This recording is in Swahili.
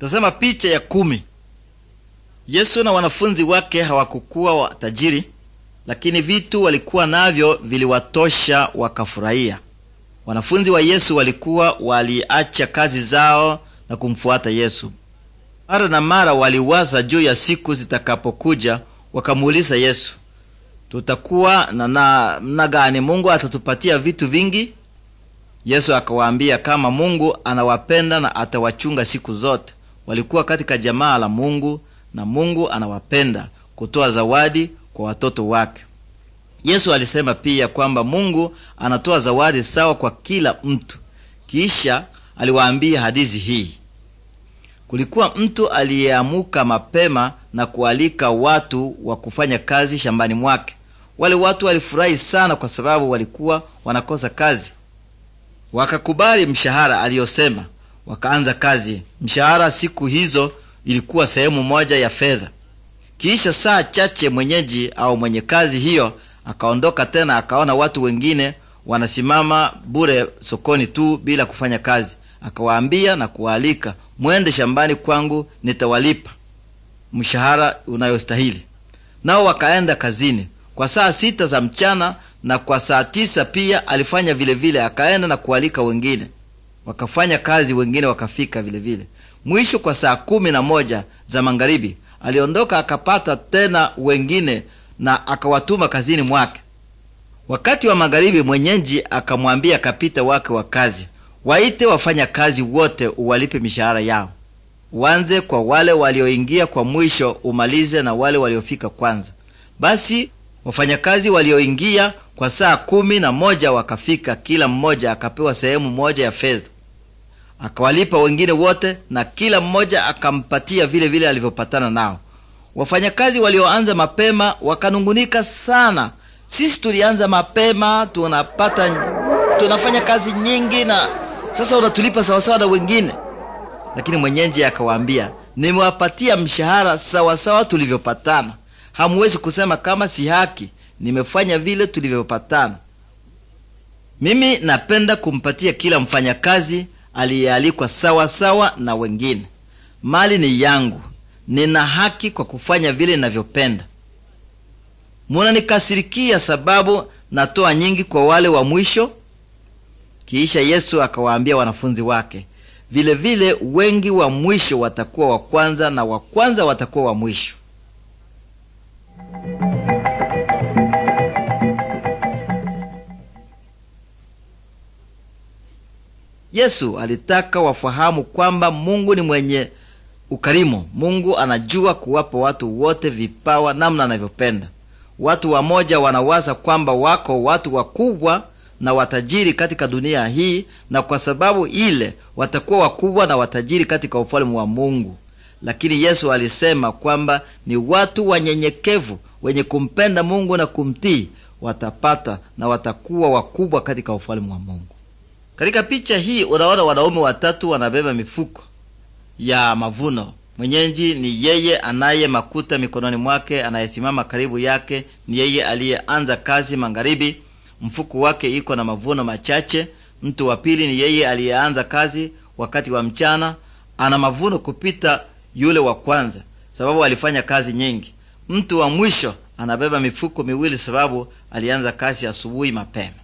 Tazama picha ya kumi. Yesu na wanafunzi wake hawakukuwa watajiri, lakini vitu walikuwa navyo viliwatosha wakafurahia. Wanafunzi wa Yesu walikuwa waliacha kazi zao na kumfuata Yesu. Mara na mara waliwaza juu ya siku zitakapokuja, wakamuuliza Yesu, tutakuwa na namna gani? Mungu atatupatia vitu vingi? Yesu akawaambia kama Mungu anawapenda na atawachunga siku zote walikuwa katika jamaa la Mungu na Mungu anawapenda kutoa zawadi kwa watoto wake. Yesu alisema pia kwamba Mungu anatoa zawadi sawa kwa kila mtu. Kisha aliwaambia hadithi hii: kulikuwa mtu aliyeamuka mapema na kualika watu wa kufanya kazi shambani mwake. Wale watu walifurahi sana, kwa sababu walikuwa wanakosa kazi, wakakubali mshahara aliyosema wakaanza kazi. Mshahara siku hizo ilikuwa sehemu moja ya fedha. Kisha saa chache mwenyeji au mwenye kazi hiyo akaondoka tena, akaona watu wengine wanasimama bure sokoni tu bila kufanya kazi. Akawaambia na kuwaalika, mwende shambani kwangu, nitawalipa mshahara unayostahili. Nao wakaenda kazini kwa saa sita za mchana, na kwa saa tisa pia alifanya vilevile vile, akaenda na kualika wengine wakafanya kazi, wengine wakafika vile vile. Mwisho kwa saa kumi na moja za magharibi aliondoka akapata tena wengine na akawatuma kazini mwake. Wakati wa magharibi, mwenyeji akamwambia kapita wake wa kazi, waite wafanya kazi wote, uwalipe mishahara yao, uanze kwa wale walioingia kwa mwisho, umalize na wale waliofika kwanza. Basi Wafanyakazi walioingia kwa saa kumi na moja wakafika, kila mmoja akapewa sehemu moja ya fedha. Akawalipa wengine wote, na kila mmoja akampatia vile vile alivyopatana nao. Wafanyakazi walioanza mapema wakanungunika sana, sisi tulianza mapema, tunapata tunafanya kazi nyingi, na sasa unatulipa sawasawa na wengine. Lakini mwenyeji akawaambia, nimewapatia mshahara sawasawa tulivyopatana hamuwezi kusema kama si haki, nimefanya vile tulivyopatana. Mimi napenda kumpatia kila mfanyakazi aliyealikwa sawa sawa na wengine. Mali ni yangu, nina haki kwa kufanya vile ninavyopenda. Munanikasirikia sababu natoa nyingi kwa wale wa mwisho. Kisha Yesu akawaambia wanafunzi wake, vilevile vile wengi wa mwisho watakuwa wa kwanza na wa kwanza watakuwa wa mwisho. Yesu alitaka wafahamu kwamba Mungu ni mwenye ukarimu. Mungu anajua kuwapa watu wote vipawa namna anavyopenda. Watu wamoja wanawaza kwamba wako watu wakubwa na watajiri katika dunia hii, na kwa sababu ile watakuwa wakubwa na watajiri katika ufalme wa Mungu. Lakini Yesu alisema kwamba ni watu wanyenyekevu wenye kumpenda Mungu na kumtii watapata na watakuwa wakubwa katika ufalme wa Mungu. Katika picha hii unaona wanaume watatu wanabeba mifuko ya mavuno. Mwenyeji ni yeye anaye makuta mikononi mwake, anayesimama karibu yake ni yeye aliyeanza kazi magharibi, mfuko wake iko na mavuno machache. Mtu wa pili ni yeye aliyeanza kazi wakati wa mchana, ana mavuno kupita yule wa kwanza, sababu alifanya kazi nyingi. Mtu wa mwisho anabeba mifuko miwili, sababu alianza kazi asubuhi mapema.